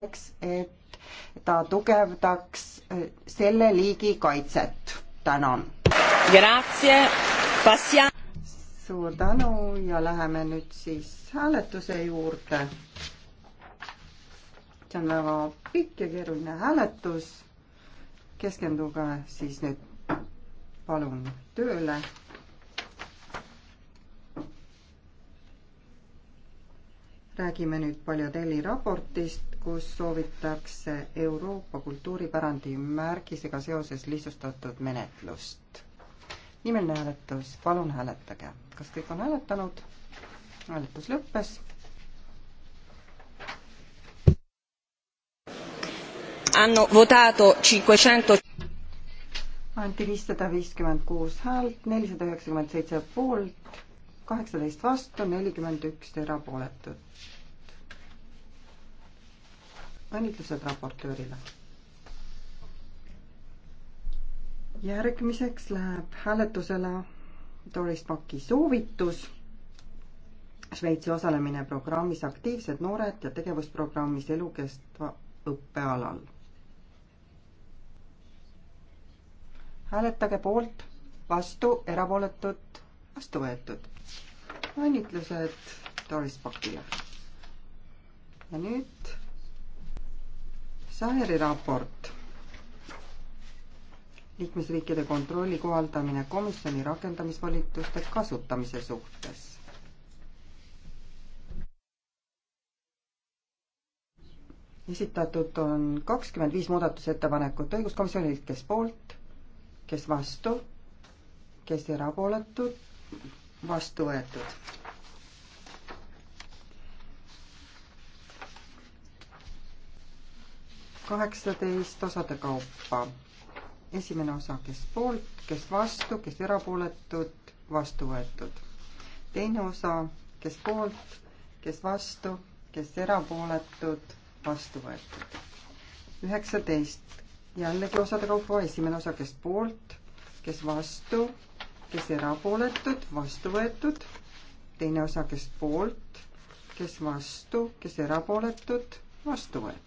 selleks, et ta tugevdaks äh, selle liigi kaitset. tänan. suur tänu ja läheme nüüd siis hääletuse juurde. see on väga pikk ja keeruline hääletus. keskenduge siis nüüd palun tööle räägime nüüd Paljadelli raportist, kus soovitakse Euroopa kultuuripärandi märgisega seoses lihtsustatud menetlust. nimeline hääletus, palun hääletage. kas kõik on hääletanud? hääletus lõppes. Hanno votato cinquecento anti viissada viiskümmend kuus häält, nelisada üheksakümmend seitse poolt kaheksateist vastu, nelikümmend üks erapooletut. õnnitlused raportöörile. järgmiseks läheb hääletusele Doris Paki soovitus Šveitsi osalemine programmis Aktiivsed noored ja tegevusprogrammis elukestva õppealal. hääletage poolt, vastu, erapooletud, vastu võetud õnnitlused Doris Pakile. ja nüüd Saheri raport. liikmesriikide kontrolli kohaldamine komisjoni rakendamisvolituste kasutamise suhtes. esitatud on kakskümmend viis muudatusettepanekut õiguskomisjonilt, kes poolt, kes vastu, kes erapooletud, vastu võetud. kaheksateist osade kaupa. esimene osa, kes poolt, kes vastu, kes erapooletud, vastu võetud. teine osa, kes poolt, kes vastu, kes erapooletud, vastu võetud. üheksateist, jällegi osade kaupa, esimene osa, kes poolt, kes vastu, kes erapooletud, vastu võetud, teine osa, kes poolt, kes vastu, kes erapooletud, vastu võetud.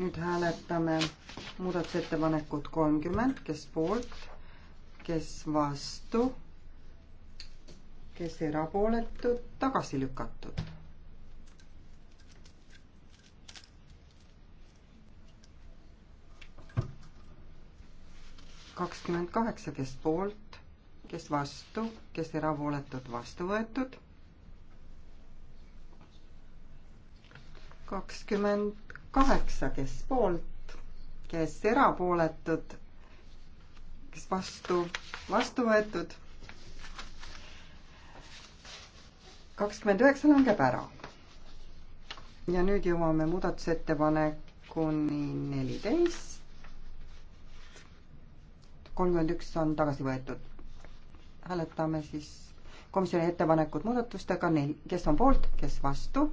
nüüd hääletame muudatusettepanekut kolmkümmend, kes poolt, kes vastu, kes erapooletud, tagasi lükatud kakskümmend kaheksa, kes poolt, kes vastu, kes erapooletud, vastu võetud. kakskümmend kaheksa, kes poolt, kes erapooletud, kes vastu, vastu võetud. kakskümmend üheksa langeb ära. ja nüüd jõuame muudatusettepanekuni neliteist kolmkümmend üks on tagasi võetud. hääletame siis komisjoni ettepanekut muudatustega, neil, kes on poolt, kes vastu,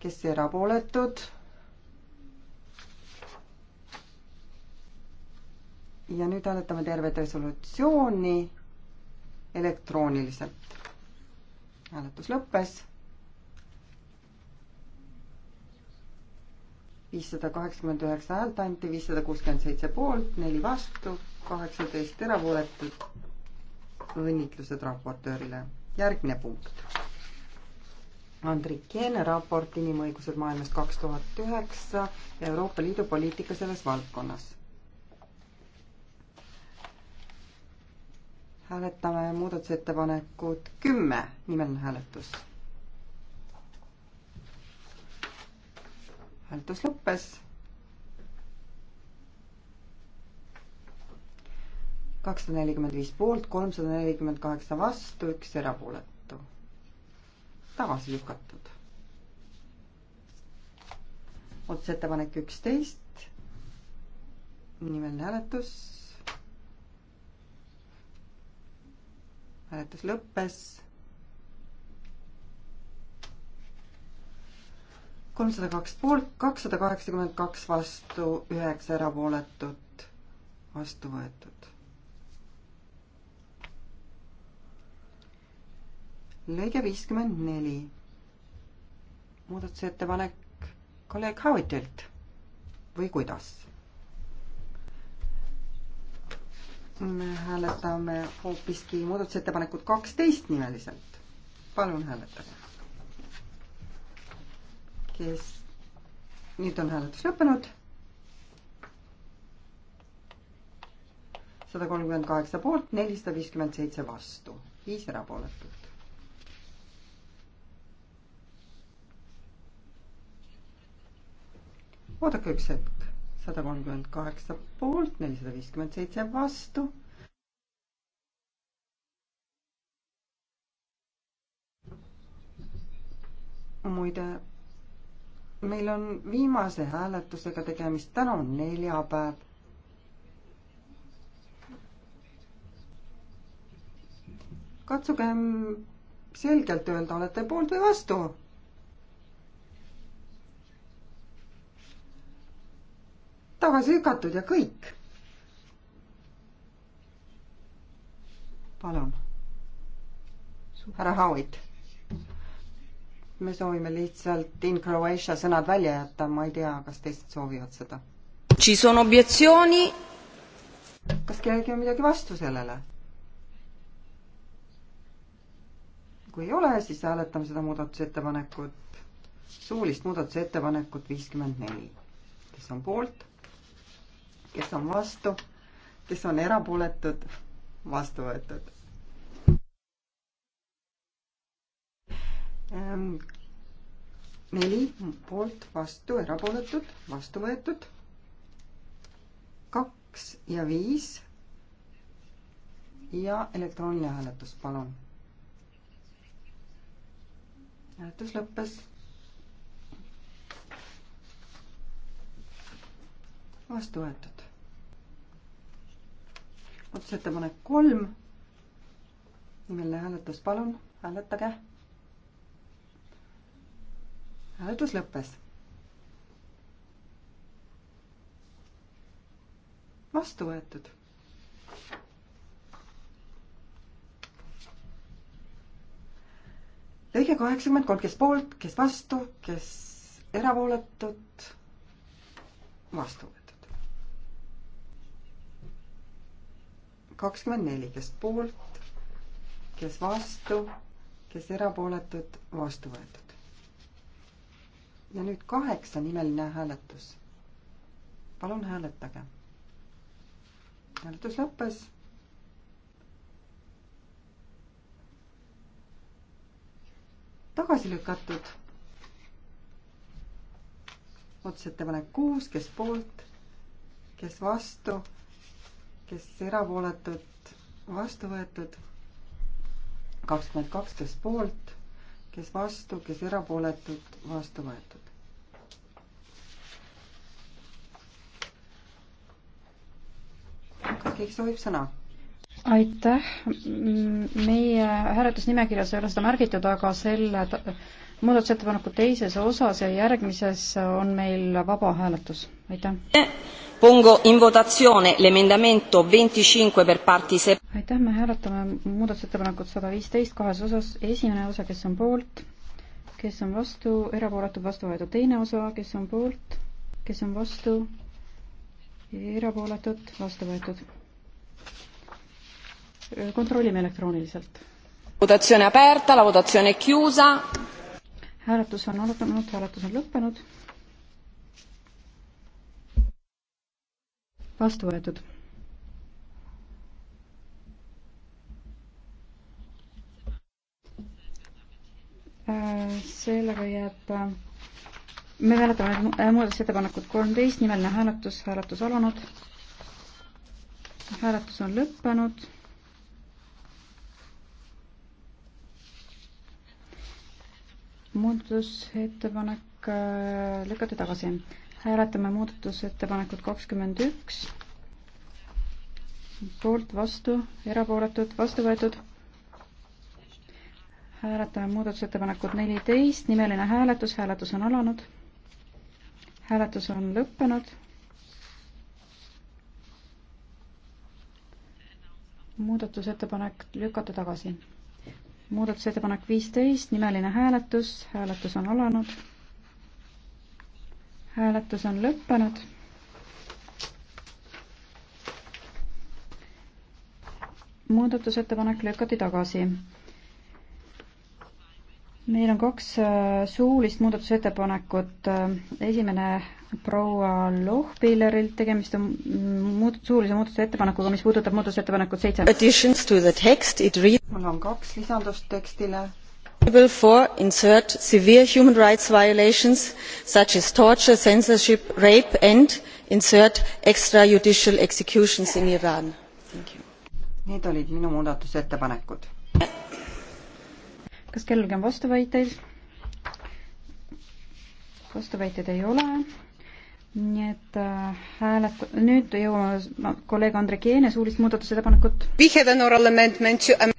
kes erapooletud. ja nüüd hääletame tervet resolutsiooni elektrooniliselt. hääletus lõppes viissada kaheksakümmend üheksa häält anti, viissada kuuskümmend seitse poolt, neli vastu, kaheksateist erapooletut. õnnitlused raportöörile. järgmine punkt. Andrik Jeene raport Inimõigused maailmas kaks tuhat üheksa ja Euroopa Liidu poliitika selles valdkonnas. hääletame muudatusettepanekut kümme, nimeline hääletus hääletus lõppes. kakssada nelikümmend viis poolt, kolmsada nelikümmend kaheksa vastu, üks erapooletu. tagasi lükatud. otsusettepanek üksteist. nimeline hääletus. hääletus lõppes kolmsada kaks poolt, kakssada kaheksakümmend kaks vastu, üheksa erapooletut, vastu võetud. lõige viiskümmend neli. muudatusettepanek kolleeg Howitilt või kuidas? me hääletame hoopiski muudatusettepanekut kaksteist nimeliselt. palun hääletage kes, nüüd on hääletus lõppenud. sada kolmkümmend kaheksa poolt, nelisada viiskümmend seitse vastu, viis erapooletut. oodake üks hetk, sada kolmkümmend kaheksa poolt, nelisada viiskümmend seitse vastu muide meil on viimase hääletusega tegemist, täna on neljapäev. katsugem selgelt öelda, olete poolt või vastu. tagasi lükatud ja kõik. palun, härra Hauit me soovime lihtsalt in Croatia sõnad välja jätta, ma ei tea, kas teised soovivad seda. kas kellelgi on midagi vastu sellele? kui ei ole, siis hääletame seda muudatusettepanekut, suulist muudatusettepanekut viiskümmend neli. kes on poolt? kes on vastu? kes on erapooletud? vastu võetud Ähm, neli poolt vastu, erapooletud, vastu võetud. kaks ja viis. ja elektrooniline hääletus, palun. hääletus lõppes. vastu võetud. otsusettepanek kolm. nimeline hääletus, palun hääletage hääletus lõppes. vastu võetud. lõige kaheksakümmend kolm, kes poolt, kes vastu, kes erapooletud, vastu võetud. kakskümmend neli, kes poolt, kes vastu, kes erapooletud, vastu võetud ja nüüd kaheksa nimeline hääletus. palun hääletage. hääletus lõppes. tagasi lükatud. otsusettepanek kuus, kes poolt, kes vastu, kes erapooletud, vastu võetud. kakskümmend kaks, kes poolt, kes vastu, kes erapooletud, vastu võetud. kas keegi soovib sõna? aitäh, meie hääletusnimekirjas ei ole seda märgitud, aga selle muudatusettepaneku teises osas ja järgmises on meil vaba hääletus, aitäh. Pongo in votazione l'emendamento 25 per parti se-. aitäh, me hääletame muudatusettepanekut sada viisteist kahes osas, esimene osa, kes on poolt kes on vastu, erapooletud, vastu võetud teine osa, kes on poolt, kes on vastu, erapooletud, vastu võetud. kontrollime elektrooniliselt. Votazione aperta, la votazione chiusa. hääletus on alanud, hääletus on lõppenud. vastu võetud Äh, sellega jääb, äh, me hääletame äh, muudatusettepanekut kolmteist, nimeline hääletus, hääletus alanud. hääletus on lõppenud. muudatusettepanek lükati tagasi. hääletame muudatusettepanekut kakskümmend üks. poolt, vastu, erapooletud, vastu võetud hääletame muudatusettepanekut neliteist, nimeline hääletus, hääletus on alanud. hääletus on lõppenud. muudatusettepanek lükata tagasi. muudatusettepanek viisteist, nimeline hääletus, hääletus on alanud. hääletus on lõppenud muudatusettepanek lükati tagasi meil on kaks äh, suulist muudatusettepanekut. Äh, esimene proua Lohpillerilt, tegemist on muud-, suulise muudatusettepanekuga, mis puudutab muudatusettepanekut seitse. Additions to the text, it read mul on kaks lisandust tekstile. For insert severe human rights violations such as torture, censorship, rape and insert extrajudicial executions in Iran. Need olid minu muudatusettepanekud kas kellelgi on vastuväiteid? vastuväiteid ei ole. nii et äh, häälet-, nüüd jõuame no, kolleeg Andrek Jeene suulist muudatusettepanekut.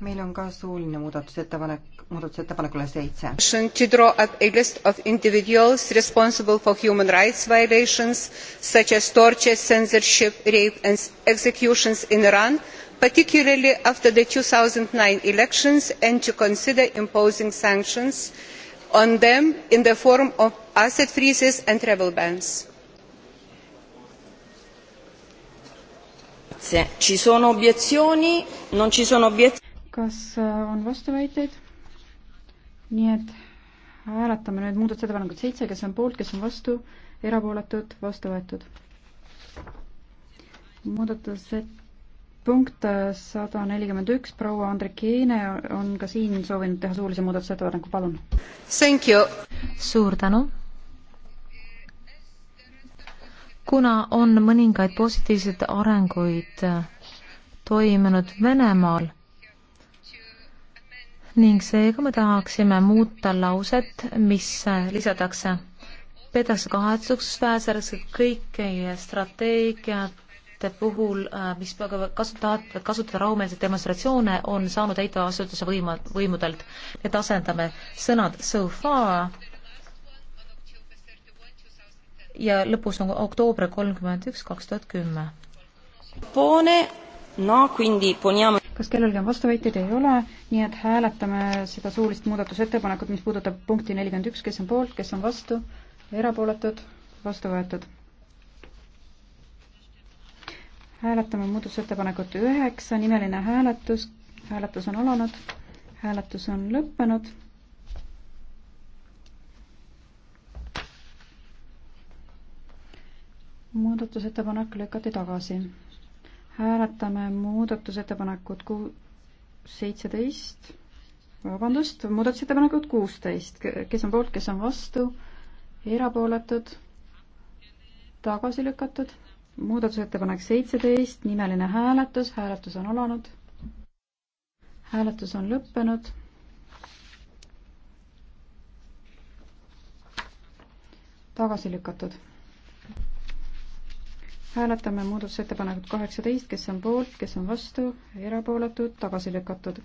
meil on ka suuline muudatusettepanek, muudatusettepanekule seitse. To draw up a list of individuals responsible for human rights violations such as torture, censorship, rape and executions in Iran particularly after the two thousand and nine elections and to consider imposing sanctions on them in the form of asset freezes and travel bans. Ci sono obiezioni? Non ci sono obiezioni? kas äh, on vastuväiteid? nii et hääletame nüüd muudatusettepanekut seitse, kes on poolt, kes on vastu, erapooletud, vastu võetud. muudatused punkt sada nelikümmend üks, proua Andrekeene on ka siin soovinud teha suulise muudatusettepaneku, palun. Thank you. suur tänu. kuna on mõningaid positiivseid arenguid toimunud Venemaal ning seega me tahaksime muuta lauset, mis lisatakse peetakse kahetsusväärseks, et kõik strateegiad inimeste puhul, äh, mis kasutavad, kasutada rahumeelseid demonstratsioone, on saanud täitva asutuse võima, võimudelt. et asendame sõnad so far ja lõpus on oktoober kolmkümmend üks, kaks tuhat kümme. Pone, no quindi poniamo kas kellelgi on vastuväiteid, ei ole, nii et hääletame seda suulist muudatusettepanekut, mis puudutab punkti nelikümmend üks, kes on poolt, kes on vastu, erapooletud, vastu võetud hääletame muudatusettepanekut üheksa, nimeline hääletus, hääletus on alanud, hääletus on lõppenud. muudatusettepanek lükati tagasi. hääletame muudatusettepanekut ku-, seitseteist, vabandust, muudatusettepanekut kuusteist, kes on poolt, kes on vastu, erapooletud, tagasi lükatud muudatusettepanek seitseteist, nimeline hääletus, hääletus on alanud. hääletus on lõppenud. tagasi lükatud. hääletame muudatusettepanekut kaheksateist, kes on poolt, kes on vastu, erapooletud, tagasi lükatud.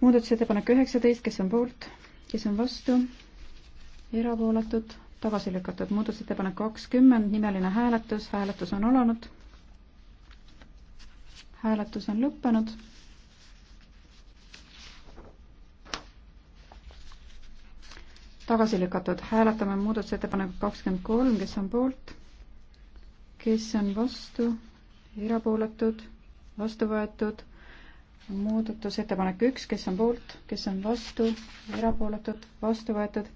muudatusettepanek üheksateist, kes on poolt, kes on vastu, erapooletud tagasi lükatud muudatusettepanek kakskümmend, nimeline hääletus, hääletus on alanud. hääletus on lõppenud. tagasi lükatud, hääletame muudatusettepanekut kakskümmend kolm, kes on poolt, kes on vastu, erapooletud, vastu võetud, muudatusettepanek üks, kes on poolt, kes on vastu, erapooletud, vastu võetud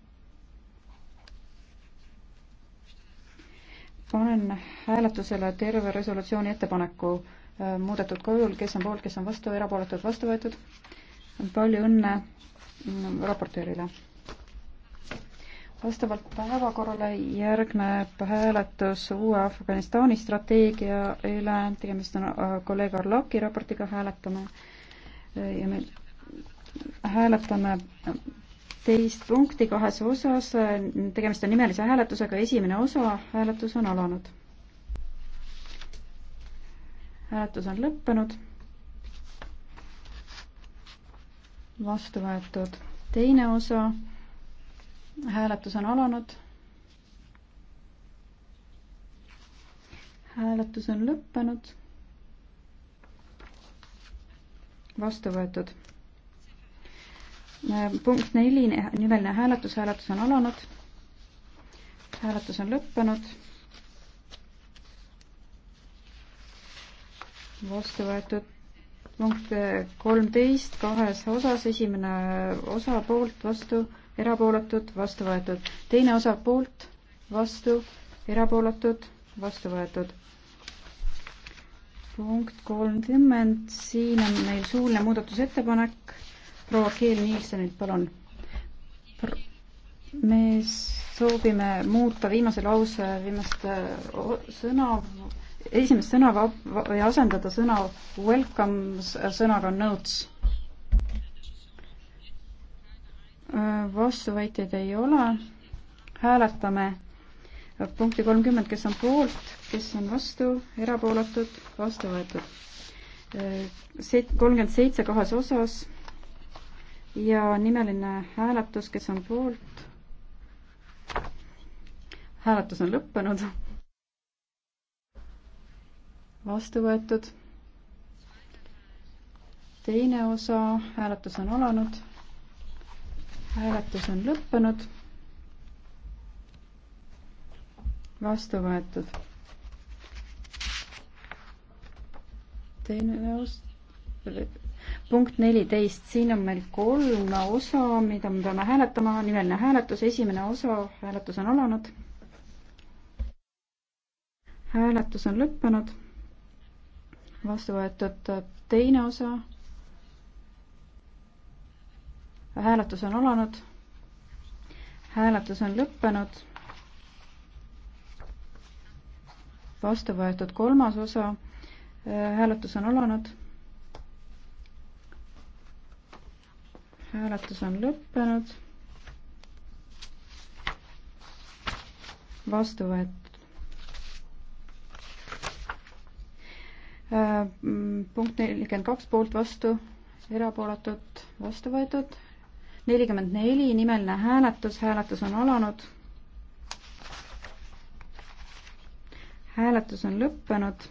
panen hääletusele terve resolutsiooni ettepaneku äh, muudetud kujul, kes on poolt, kes on vastu, erapooletud, vastu võetud. palju õnne mm, raportöörile. vastavalt päevakorrale järgneb hääletus uue Afganistani strateegia üle, tegemist on äh, kolleeg Arlaki raportiga, hääletame äh, ja me hääletame kaksteist punkti kahes osas, tegemist on nimelise hääletusega, esimene osa, hääletus on alanud. hääletus on lõppenud. vastu võetud teine osa, hääletus on alanud. hääletus on lõppenud. vastu võetud Äh, punkt neli, nimeline hääletus, hääletus on alanud. hääletus on lõppenud. vastu võetud punkt äh, kolmteist kahes osas, esimene osa poolt, vastu, erapooletud, vastu võetud. teine osa poolt, vastu, erapooletud, vastu võetud punkt kolmkümmend, siin on meil suuline muudatusettepanek proua Kiel Nielsenilt, palun Pro me soovime muuta viimase lause viimast sõna, esimest sõna ja asendada sõna welcome sõnaga notes. Äh, vastuväiteid ei ole. hääletame punkti kolmkümmend, kes on poolt, kes on vastu, erapooletud, vastu võetud. Äh, kolmkümmend seitse kahes osas ja nimeline hääletus, kes on poolt. hääletus on lõppenud. vastu võetud. teine osa, hääletus on alanud. hääletus on lõppenud. vastu võetud. teine osa punkt neliteist, siin on meil kolm osa, mida me peame hääletama, nimeline hääletus, esimene osa, hääletus on alanud. hääletus on lõppenud. vastu võetud teine osa. hääletus on alanud. hääletus on lõppenud. vastu võetud kolmas osa. hääletus on alanud hääletus on lõppenud. vastu võetud. Äh, punkt nelikümmend kaks poolt vastu, erapooletud vastu võetud. nelikümmend neli nimeline hääletus, hääletus on alanud. hääletus on lõppenud.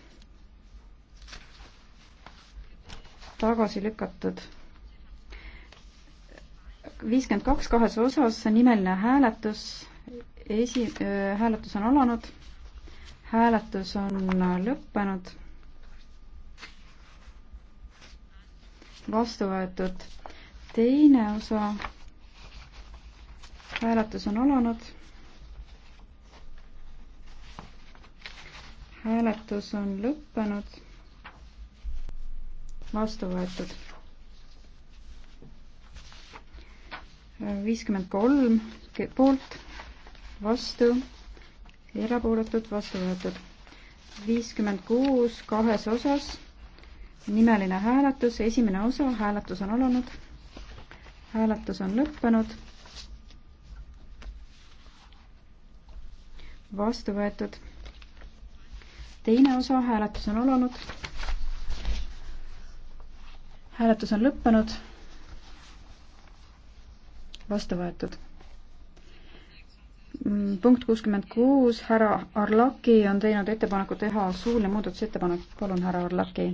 tagasi lükatud viiskümmend kaks kahes osas, nimeline hääletus, esi, hääletus on alanud, hääletus on lõppenud, vastu võetud teine osa, hääletus on alanud hääletus on lõppenud, vastu võetud viiskümmend kolm poolt, vastu, erapooletud, vastu võetud. viiskümmend kuus kahes osas, nimeline hääletus, esimene osa, hääletus on alanud, hääletus on lõppenud, vastu võetud. teine osa, hääletus on alanud, hääletus on lõppenud vastu võetud. Mm, punkt kuuskümmend kuus, härra Arlaki on teinud ettepaneku teha suuline muudatusettepanek, palun, härra Arlaki.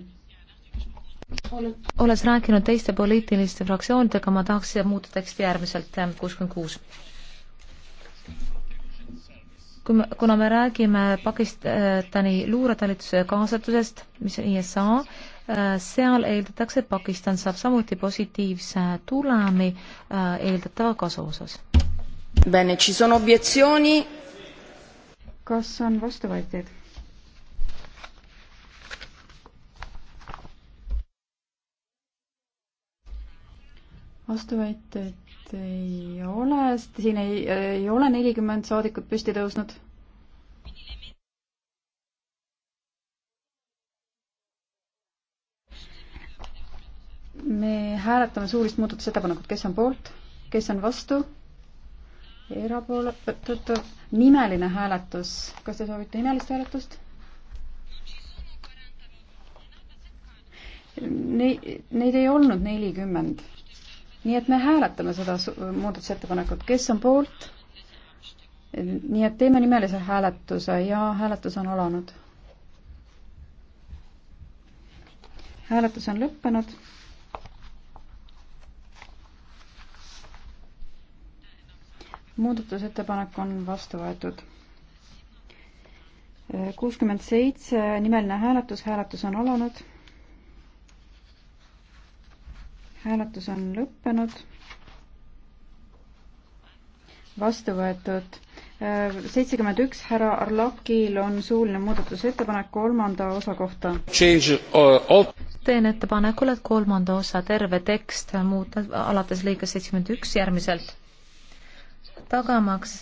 olles rääkinud teiste poliitiliste fraktsioonidega, ma tahaks muuta teksti järgmiselt, kuuskümmend kuus kui me, kuna me räägime Pakistani luuretalituse kaasatusest, mis on ISA, Äh, seal eeldatakse, et Pakistan saab samuti positiivse tulemi äh, eeldatava kasu osas. Bene, ci sono obiezioni? kas on vastuväiteid? vastuväiteid ei ole, sest siin ei, äh, ei ole nelikümmend saadikut püsti tõusnud hääletame suulist muudatusettepanekut, kes on poolt, kes on vastu, erapooletud, nimeline hääletus, kas te soovite nimelist hääletust? Nei-, neid ei olnud nelikümmend. nii et me hääletame seda muudatusettepanekut, kes on poolt, nii et teeme nimelise hääletuse ja hääletus on alanud. hääletus on lõppenud muudatusettepanek on vastu võetud. kuuskümmend seitse, nimeline hääletus, hääletus on alanud. hääletus on lõppenud. vastu võetud seitsekümmend üks, härra Arlakil on suuline muudatusettepanek kolmanda osa kohta. Uh, teen ettepanekule, et kolmanda osa terve tekst muuta alates lõikest seitsekümmend üks järgmiselt tagamaks,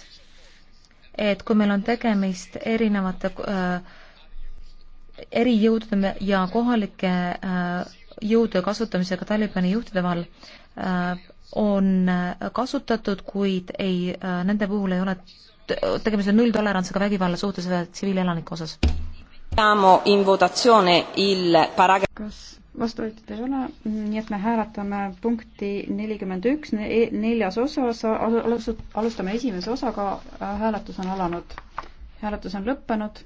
et kui meil on tegemist erinevate äh, erijõudude ja kohalike äh, jõudude kasutamisega Talibani juhtide vahel äh, on äh, kasutatud, kuid ei äh,, nende puhul ei ole tegemist on nulltolerantsiga vägivalla suhtes tsiviilelanike osas. kas vastuvõtjaid ei ole, nii et me hääletame punkti nelikümmend üks e-, neljas osas, alustame esimese osaga, hääletus on alanud. hääletus on lõppenud.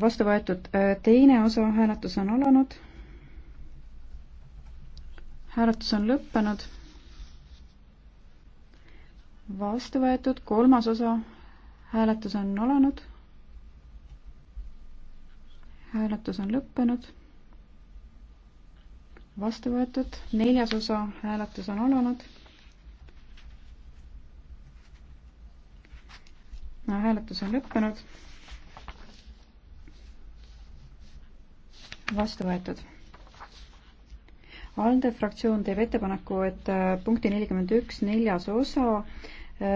vastu võetud äh, teine osa, hääletus on alanud. hääletus on lõppenud. vastu võetud kolmas osa, hääletus on alanud hääletus on lõppenud. vastu võetud, neljas osa hääletus on alanud. hääletus on lõppenud. vastu võetud. ALDE fraktsioon teeb ettepaneku, et äh, punkti nelikümmend üks neljas osa, äh,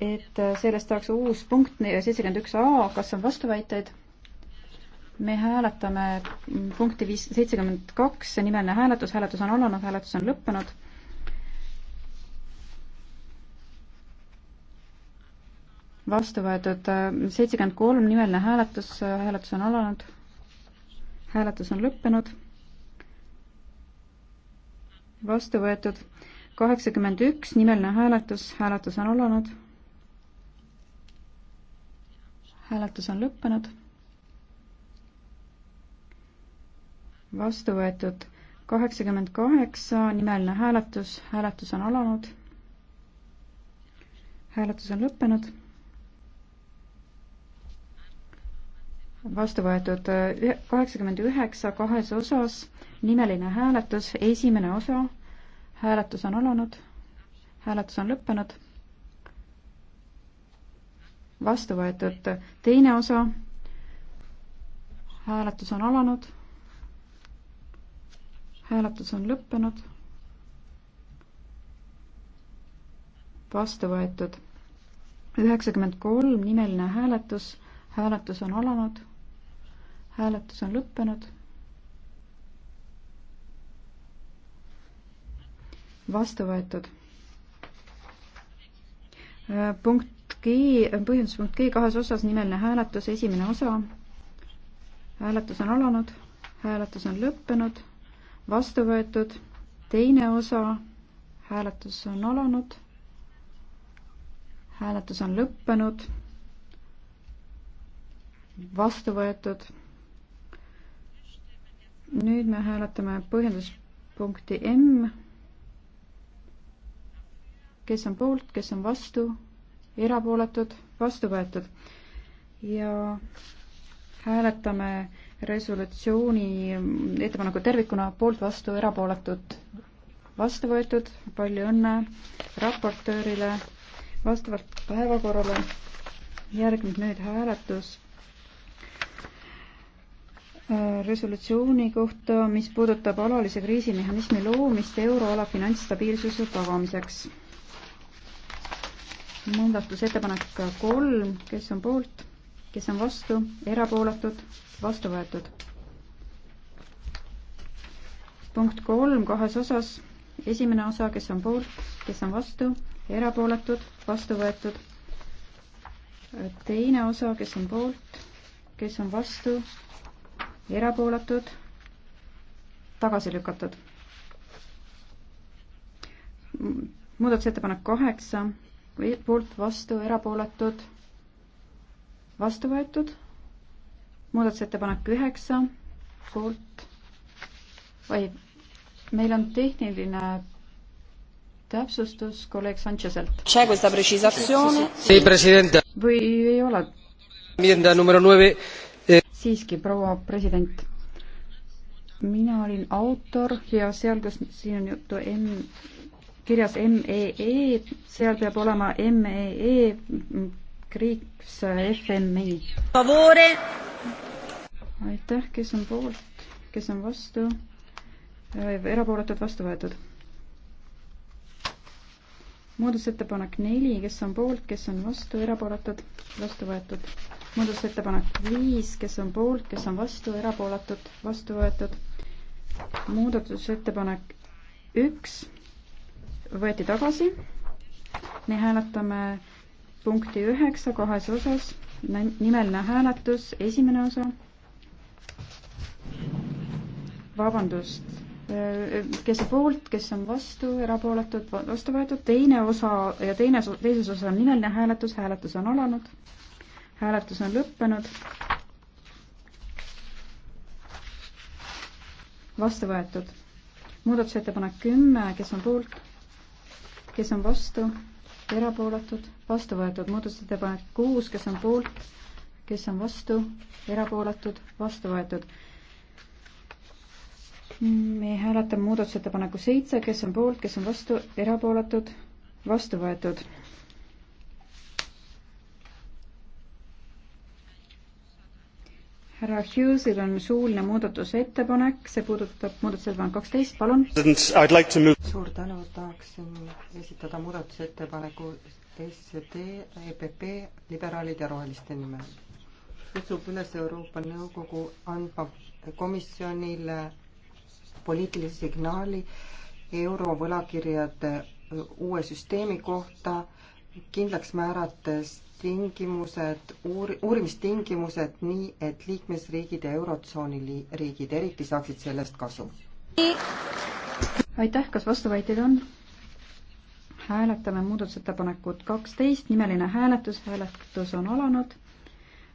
et äh, sellest saaks uus punkt seitsekümmend üks A, kas on vastuväiteid? me hääletame punkti viis, seitsekümmend kaks, see nimeline hääletus, hääletus on alanud, hääletus on lõppenud. vastu võetud äh, seitsekümmend kolm, nimeline hääletus, hääletus on alanud, hääletus on lõppenud. vastu võetud kaheksakümmend üks, nimeline hääletus, hääletus on alanud, hääletus on lõppenud vastu võetud kaheksakümmend kaheksa, nimeline hääletus, hääletus on alanud. hääletus on lõppenud. vastu võetud kaheksakümmend üheksa kahes osas, nimeline hääletus, esimene osa, hääletus on alanud, hääletus on lõppenud. vastu võetud teine osa, hääletus on alanud hääletus on lõppenud. vastu võetud üheksakümmend kolm nimeline hääletus, hääletus on alanud, hääletus on lõppenud. vastu võetud. Äh, punkt G, äh, põhjenduspunkt G kahes osas nimeline hääletus, esimene osa. hääletus on alanud, hääletus on lõppenud vastu võetud, teine osa, hääletus on alanud, hääletus on lõppenud, vastu võetud. nüüd me hääletame põhjenduspunkti M. kes on poolt, kes on vastu, erapooletud, vastu võetud ja hääletame resolutsiooni ettepaneku tervikuna poolt vastu erapooletud vastu võetud, palju õnne raportöörile vastavalt päevakorrale. järgneb nüüd hääletus äh, resolutsiooni kohta, mis puudutab alalise kriisimehhanismi loomist euroala finantsstabiilsuse tagamiseks. muudatusettepanek kolm, kes on poolt? kes on vastu, erapooletud, vastu võetud. punkt kolm kahes osas, esimene osa, kes on poolt, kes on vastu, erapooletud, vastu võetud. teine osa, kes on poolt, kes on vastu, erapooletud, tagasi lükatud. muudatusettepanek kaheksa, poolt, vastu, erapooletud vastu võetud. muudatusettepanek üheksa, poolt, või meil on tehniline täpsustus kolleeg Sanchezelt. või ei ole? Eh. siiski, proua president. mina olin autor ja seal, kus siin on juttu M, kirjas MEE, e, seal peab olema MEE e kriips äh, FMI. aitäh, kes on poolt, kes on vastu, äh, erapooletud, vastu võetud. muudatusettepanek neli, kes on poolt, kes on vastu, erapooletud, vastu võetud. muudatusettepanek viis, kes on poolt, kes on vastu, erapooletud, vastu võetud. muudatusettepanek üks võeti tagasi me hääletame punkti üheksa kahes osas, nimeline hääletus, esimene osa. vabandust, kes on poolt, kes on vastu, erapooletud, vastu võetud, teine osa ja teine, teises osas on nimeline hääletus, hääletus on alanud, hääletus on lõppenud. vastu võetud. muudatusettepanek kümme, kes on poolt, kes on vastu erapooletud, vastu võetud muudatusettepanek kuus, kes on poolt, kes on vastu, erapooletud, vastu võetud. me hääletame muudatusettepaneku seitse, kes on poolt, kes on vastu, erapooletud, vastu võetud härra Hughesil on suuline muudatusettepanek, see puudutab muudatusettepanek kaksteist, palun. Like move... suur tänu, tahaksin esitada muudatusettepaneku SED, EPP, liberaalide ja roheliste nimel. kutsub üles Euroopa Nõukogu andma komisjonile poliitilise signaali eurovõlakirjade uue süsteemi kohta kindlaks määrates tingimused, uur-, uurimistingimused nii, et liikmesriigid ja Eurotsooni li-, riigid eriti saaksid sellest kasu. aitäh, kas vastuväiteid on? hääletame muudatusettepanekut kaksteist, nimeline hääletus, hääletus on alanud,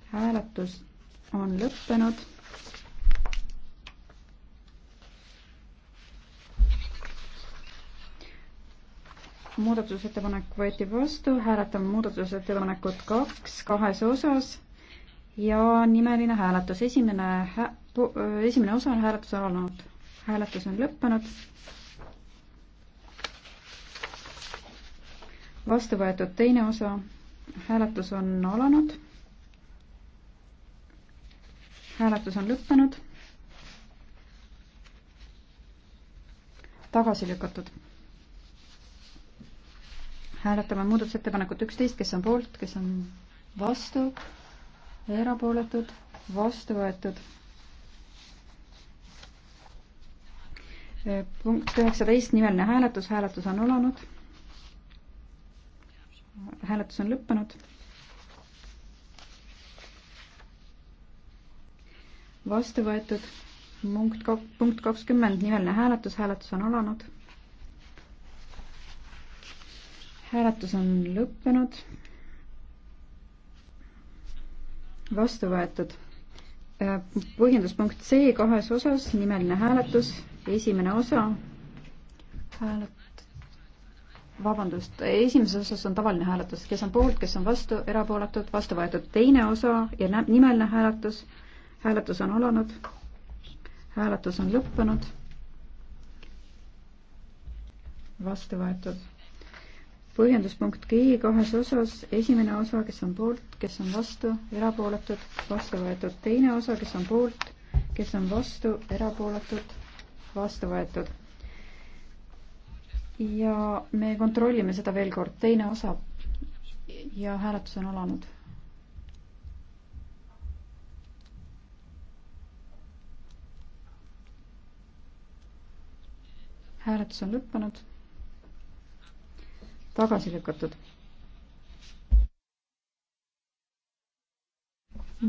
hääletus on lõppenud muudatusettepanek võeti vastu, hääletame muudatusettepanekut kaks kahes osas ja nimeline hääletus, esimene hä-, äh, esimene osa on hääletus alanud. hääletus on lõppenud. vastu võetud teine osa, hääletus on alanud. hääletus on lõppenud. tagasi lükatud hääletame muudatusettepanekut üksteist, kes on poolt, kes on vastu, erapooletud, vastu võetud. punkt üheksateist, nimeline hääletus, hääletus on alanud. hääletus on lõppenud. vastu võetud punkt, punkt kakskümmend, nimeline hääletus, hääletus on alanud hääletus on lõppenud. vastu võetud. Äh, põhjenduspunkt C kahes osas, nimeline hääletus, esimene osa. häälet-, vabandust, esimeses osas on tavaline hääletus, kes on poolt, kes on vastu, erapooletud, vastu võetud. teine osa ja nimeline hääletus, hääletus on alanud, hääletus on lõppenud vastu võetud põhjenduspunkt G kahes osas, esimene osa, kes on poolt, kes on vastu, erapooletud, vastu võetud, teine osa, kes on poolt, kes on vastu, erapooletud, vastu võetud. ja me kontrollime seda veel kord, teine osa ja hääletus on alanud. hääletus on lõppenud tagasi lükatud.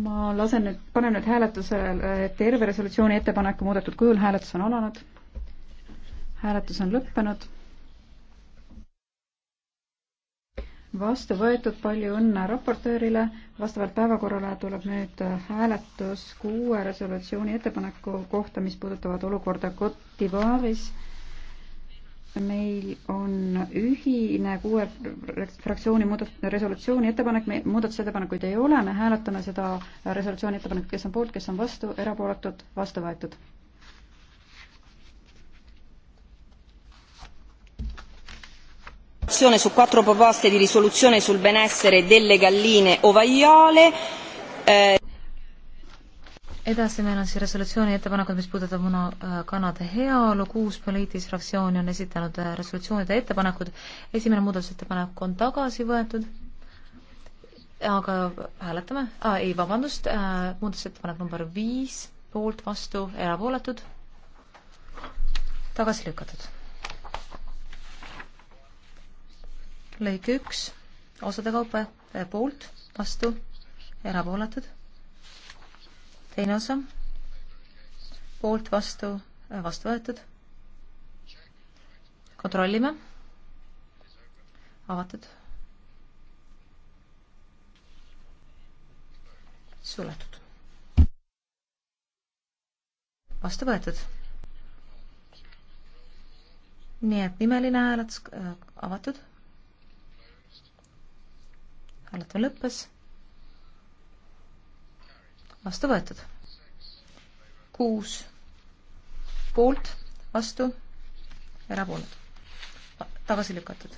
ma lasen nüüd, panen nüüd hääletusele terve resolutsiooni ettepaneku muudetud kujul, hääletus on alanud. hääletus on lõppenud. vastu võetud, palju õnne raportöörile. vastavalt päevakorrale tuleb nüüd hääletus kuue resolutsiooni ettepaneku kohta, mis puudutavad olukorda Cote d'Ivoire'is meil on ühine kuue fraktsiooni muudat-, resolutsiooni ettepanek, me muudatusettepanekuid ei ole, me hääletame seda resolutsiooni ettepanekut, kes on poolt, kes on vastu, erapooletud, vastu võetud. su quattro proposte di risoluzione sul benessere delle galline ovaiale eh edasi meil on siis resolutsiooni ettepanekud, mis puudutab muna äh, kanade heaolu, kuus poliitilist fraktsiooni on esitanud äh, resolutsioonide ettepanekud, esimene muudatusettepanek on tagasi võetud, aga hääletame ah,, ei vabandust äh,, muudatusettepanek number viis, poolt, vastu, erapooletud, tagasi lükatud. lõik üks, osade kaupa äh, poolt, vastu, erapooletud teine osa, poolt, vastu, äh, vastu võetud. kontrollime. avatud. suletud. vastu võetud. nii et nimeline hääletus äh, avatud. hääletamine lõppes vastu võetud. kuus poolt, vastu, erapooletud, tagasi lükatud.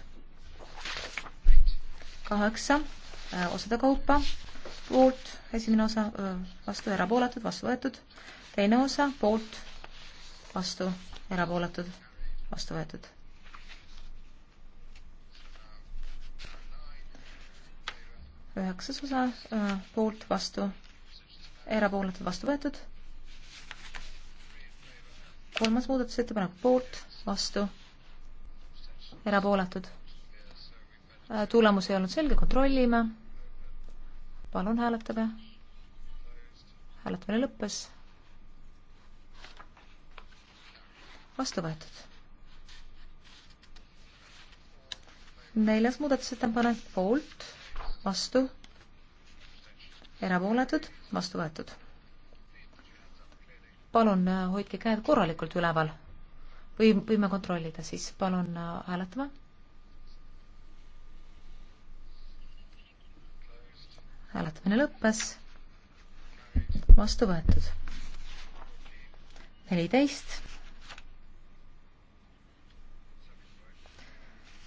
kaheksa äh, osade kaupa, poolt, esimene osa, vastu, erapooletud, vastu võetud, teine osa, poolt, vastu, erapooletud, vastu võetud. üheksas osa, poolt, vastu erapooletud vastu võetud. kolmas muudatusettepanek poolt, vastu, erapooletud. Äh, tulemus ei olnud selge, kontrollime. palun hääletage. hääletamine lõppes. vastu võetud. neljas muudatusettepanek poolt, vastu erapooletud, vastu võetud. palun äh, hoidke käed korralikult üleval või võime kontrollida siis, palun äh, hääletama. hääletamine lõppes, vastu võetud. neliteist.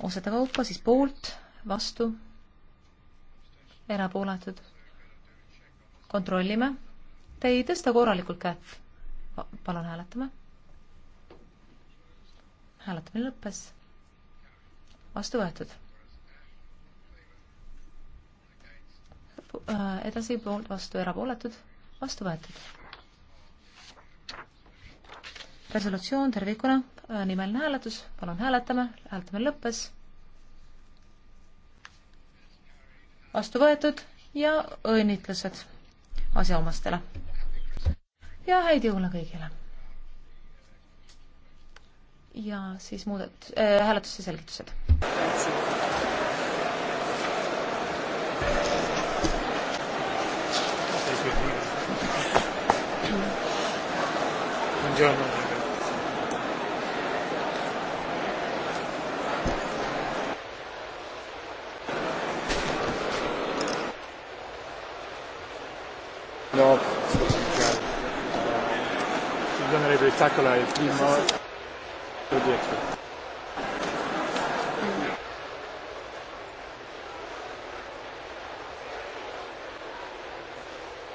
osade kaupa siis poolt, vastu, erapooletud kontrollime. Te ei tõsta korralikult kätt. palun hääletame. hääletamine lõppes. vastu võetud. Äh, edasi poolt, vastu, erapooletud, vastu võetud. resolutsioon tervikuna, äh, nimeline hääletus, palun hääletame, hääletamine lõppes. vastu võetud ja õnnitlused asjaomastele. ja häid jõule kõigile. ja siis muudat- äh,, hääletuse selgitused. Buongiorno. tackle här är prima. Objekt.